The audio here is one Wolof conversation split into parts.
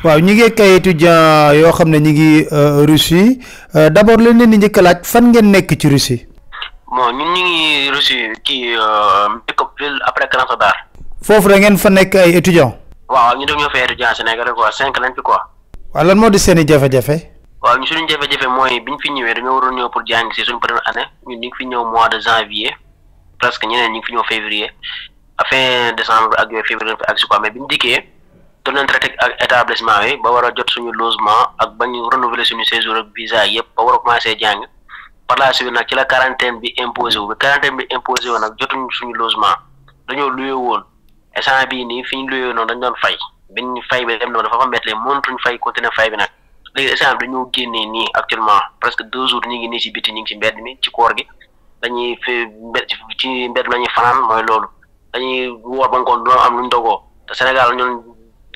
waaw ñi ngi kay étudiant yoo xam ne ñi ngi euh, Russie euh, d'abord lañ leen di njëkk a laaj fan ngeen nekk ci Russie. moo ñun ñu ngi Russie ci Mbekop euh, ville après Krasnodar. foofu rek ngeen fa nekk ay étudiants. waaw ñu dañoo fay étudiant Sénégal quoi cinq lañ fi quoi. waaw lan moo di seen i jafe-jafe. waaw ñu suñu jafe-jafe mooy bi ñu fi ñëwee dañoo waroon ñëw pour jàng si suñu première année ñun ñu ngi fi ñëw mois de janvier presque ñeneen ñu ngi fi ñëw février à fin décembre doon nañ traité ak établissement yi ba war a jot suñu logement ak ba ñu renouveler suñu séjour ak visa yëpp ba war a commencé jàng par la suite nag ci la quarantaine bi imposé wu bi quarantaine bi imposé wu nag jotuñu suñu logement dañoo luye woon instant bii nii fi ñu luye noonu dañ doon fay biñ fay bi dem na dafa fa métti mënatuñ fay continuer fay bi nag léegi instant bi dañoo génnee nii actuellement presque deux jours ñu ngi nii ci biti ñu ngi ci mbedd mi ci koor gi dañuy fi ci mooy loolu dañuy woor ba ngoon du am luñ dogoo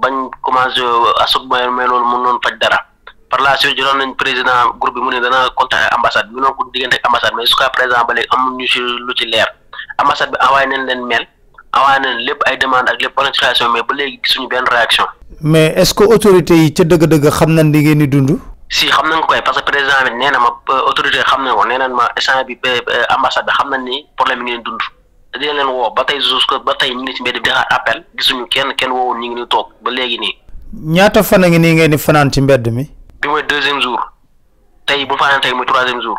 bañ commencé asut mooy may loolu mën noonu faj dara par la suite jotoon nañ président groupe bi mu ne dana contacter ambassade bi mu noonu ko diggante ak ambassade mais jusqu'à présent ba léegi amuñu ci lu ci leer ambassade bi envoyé nañ leen bi nee na euh, bi euh, ambassade bi xam nañ ni ngeen dund. dina leen woo ba tey jusque ba tey ñu ngi ci mbedd di xaar appel gisuñu kenn kenn woowul ñu ngi ni toog ba léegi nii. ñaata fan a ngi nii ngeen di fanaan ci mbedd mi. bi mooy deuxième jour tey bu fanaan tey mooy troisième jour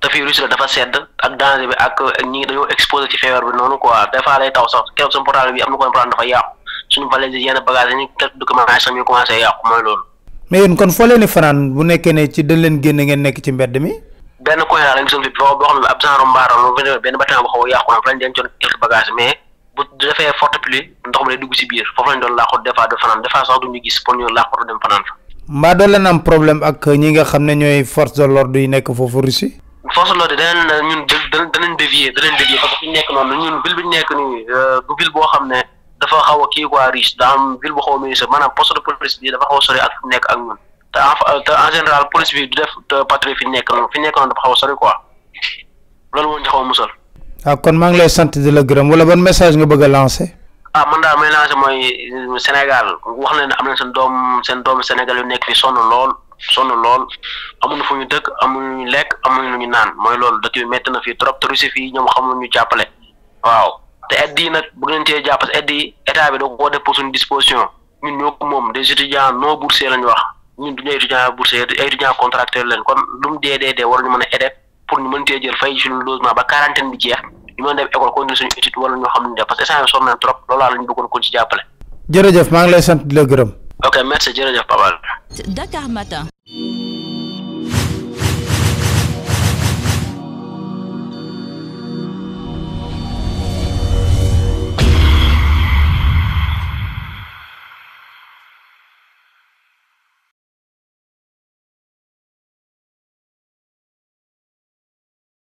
te fii Russie la dafa sedd ak danger bi ak ñi ngi dañoo exposé ci feebar bi noonu quoi des lay taw sax keroog sama portable bi am na ko problème dafa yàqu suñu valise yenn bagages yi quelques documents sax ñu commencé yàqu mooy loolu. mais yéen kon foo ne ci dañ leen génn mi. benn coin daal la gisoon fi boo xam ne ab genre mbaaraan loolu benn benn bâtiment boo xaw a yàqu nag fa lañ dencoon quelques bagages mais bu defee forte pluie ndox mi lay dugg si biir foofu lañ fa. mbaa doo nga xam ne ñooy force de l'ordre yi nekk foofu Russie. force noonu ñun ville bi ñu nekk nii euh, du ville boo xam ne dafa xaw a kii quoi riche daa am ville bu xaw a ministre maanaam poste de police bi dafa xaw a ak nekk ak ñun te en te en général police bi du def patrouille fi nekk noonu fi nekk noonu dafa xaw a sori quoi loolu moo ñu a musal. waaw ah, kon maa ngi lay sant di la gërëm wala ban message nga bëgg a lancer. ah man daal may lancer mooy Sénégal wax leen ne am na seen doom seen doomu Sénégal yu nekk fi sonn lool sonn lool amuñu fu ñu dëkk amuñu lekk amuñu lu ñu naan mooy loolu dëkk bi métti na fii trop te fii ñoom xamuñu ñu jàppale waaw te aide yi nag bëgg nañ cee jàpp aide yi état bi da koo def pour suñu disposition ñu ñoo ko moom des étudiants non boursiers lañ wax. ñun du ñu ay étudiant boursier ay étudiant contracteur leen kon lu mu dee dee dee war ñu mën a aider pour ñu mën tee jël fay suñu logement ba quarantaine bi jeex ñu mën dem école continuer suñu étude wala ñoo xam ne def parce que échange sonn na trop loolaa la ñu bëggoon ko ci jàppale. jërëjëf maa ngi lay sant di gërëm. ok merci jërëjëf Pabal. Dakar Matin.